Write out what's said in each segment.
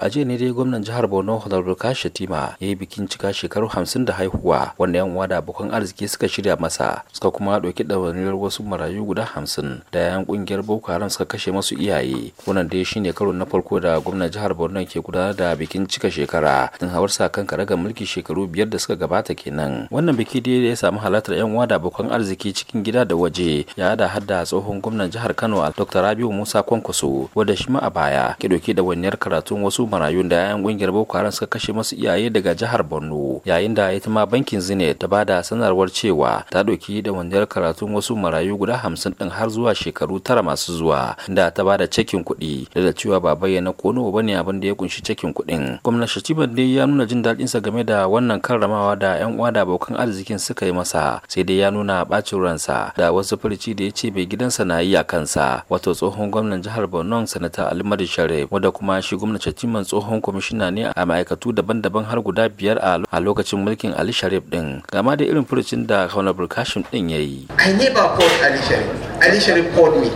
a jiya ne dai gwamnan jihar borno honorable kashi shatima ya yi bikin cika shekaru hamsin da haihuwa wanda yan uwa da abokan arziki suka shirya masa suka kuma ɗauki ɗawainiyar wasu marayu guda hamsin da yan ƙungiyar boko haram suka kashe masu iyaye wannan dai shine karo na farko da gwamnan jihar borno ke gudanar da bikin cika shekara tun hawar sa kan karagar mulki shekaru biyar da suka gabata kenan wannan biki dai ya samu halartar yan uwa da abokan arziki cikin gida da waje ya da hadda tsohon gwamnan jihar kano dr rabiu musa kwankwaso wanda shi ma a baya ke ɗauki ɗawainiyar karatun wasu marayun da yayan kungiyar boko haram suka kashe masu iyaye daga jihar borno yayin da ita ma bankin zine ta bada sanarwar cewa ta ɗauki da wandiyar karatun wasu marayu guda hamsin ɗin har zuwa shekaru tara masu zuwa da ta ba da cekin kuɗi da da cewa ba bayyana kono ba ne abin da ya kunshi cekin kuɗin gwamnan shatiba dai ya nuna jin daɗinsa game da wannan karramawa da yan uwa da abokan arzikin suka yi masa sai dai ya nuna bacin ransa da wasu furici da ya ce bai gidansa na yi a kansa wato tsohon gwamnan jihar borno sanata alimadu sharif wanda kuma shi gwamnan Usman tsohon kwamishina ne a ma'aikatu daban-daban har guda biyar a lokacin mulkin Ali Sharif din. Gama da irin furucin da Honorable Burkashin din ya yi. I never called Ali Sharif. Ali Sharif called me.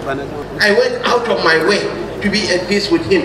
I went out of my way to be at peace with him.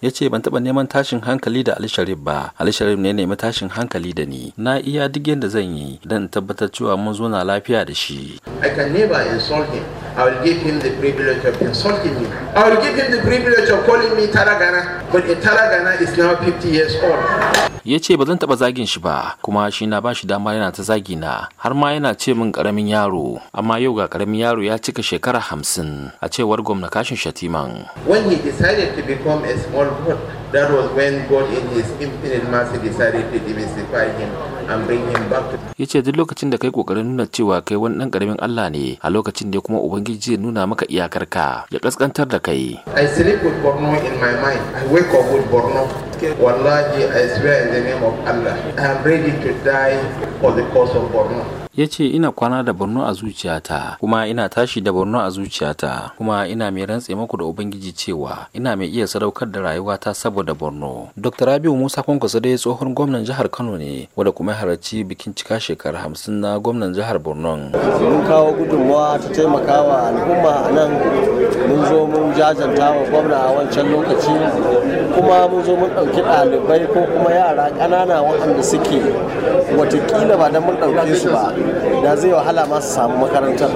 ya ce ban taɓa neman tashin hankali da Ali Sharif ba Ali Sharif ne nemi tashin hankali da ni na iya duk yadda zan yi don tabbatar cewa mun zo na lafiya da shi I can never insult him I will give him the privilege of insulting me. I will give him the privilege of calling me Taragana. But a Taragana is now 50 years old. ya ce ba zan taɓa zagin shi ba kuma shi na ba shi dama yana ta zagi na har ma yana ce min ƙaramin yaro amma yau ga ƙaramin yaro ya cika shekara hamsin a cewar gwamna kashin shatiman. When he decided to become a small boat, that was when God in his infinite mercy decided to demystify him and bring him back to ya ce duk lokacin da kai kokarin nuna cewa kai wani dan karamin Allah ne a lokacin da kuma ubangiji zai nuna maka iyakar ka, ya kaskantar da kai I sleep with Borno in my mind I wake up with Borno casket. Wallahi, I swear in the name of Allah, I am ready to die for the cause of Borno. ya ce ina kwana da borno a zuciyata kuma ina tashi da borno a zuciyata kuma ina mai rantse muku da ubangiji cewa ina mai iya sadaukar da rayuwata saboda borno dr rabiu musa kwankwaso dai tsohon gwamnan jihar kano ne wanda kuma halarci bikin cika shekara hamsin na gwamnan jihar borno mun kawo gudunmawa ta taimakawa al'umma a nan mun zo mun jajanta wa gwamna a wancan lokaci kuma mun zo mun ɗauki ɗalibai ko kuma yara ƙanana waɗanda suke watakila ba da mun ɗauke su ba da zai wahala ma samu makarantar.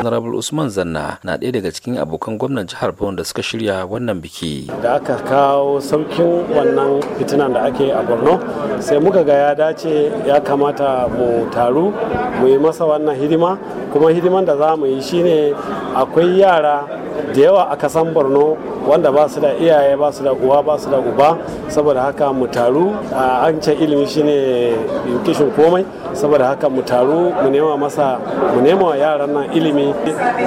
Honorable Usman Zanna na ɗaya daga cikin abokan gwamnan jihar Borno da suka shirya wannan biki. Da aka kawo saukin wannan fitinan da ake a Borno sai muka ga ya dace ya kamata mu taru mu yi masa wannan hidima kuma hidiman da za mu yi shine akwai yara da yawa a kasan Borno wanda ba su da iyaye ba su da uwa ba su da uba saboda haka mu taru an ce ilimi shine kishin komai saboda haka mu taru mu nema masa mu nema wa yaran nan ilimi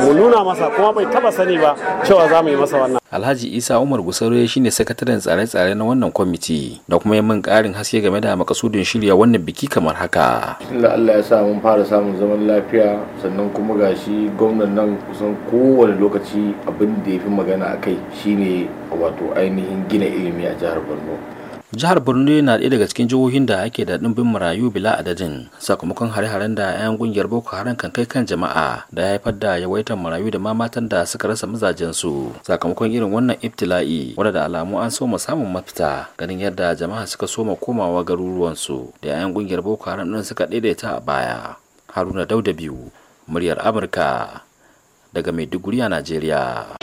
mu nuna masa kuma bai taba sani ba cewa za mu yi masa wannan Alhaji Isa Umar Gusaro shine sakataren tsare-tsare na wannan kwamiti da kuma yin karin haske game da makasudin shirya wannan biki kamar haka. Inda Allah ya sa mun fara samun zaman lafiya sannan kuma gashi gwamnan nan kusan kowane lokaci abin da ya fi magana a kai shi shine wato ainihin gina ilimi a jihar borno jihar borno na ɗaya daga cikin jihohin da ake da ɗumbin marayu bila adadin sakamakon hare-haren da 'yan ƙungiyar boko haram kan kai kan jama'a da ya haifar da yawaitar marayu da ma matan da suka rasa mazajensu sakamakon irin wannan ibtila'i wanda da alamu an soma samun mafita ganin yadda jama'a suka soma komawa garuruwansu da 'yan ƙungiyar boko haram ɗin suka daidaita a baya haruna dauda biyu muryar amurka daga maiduguri a najeriya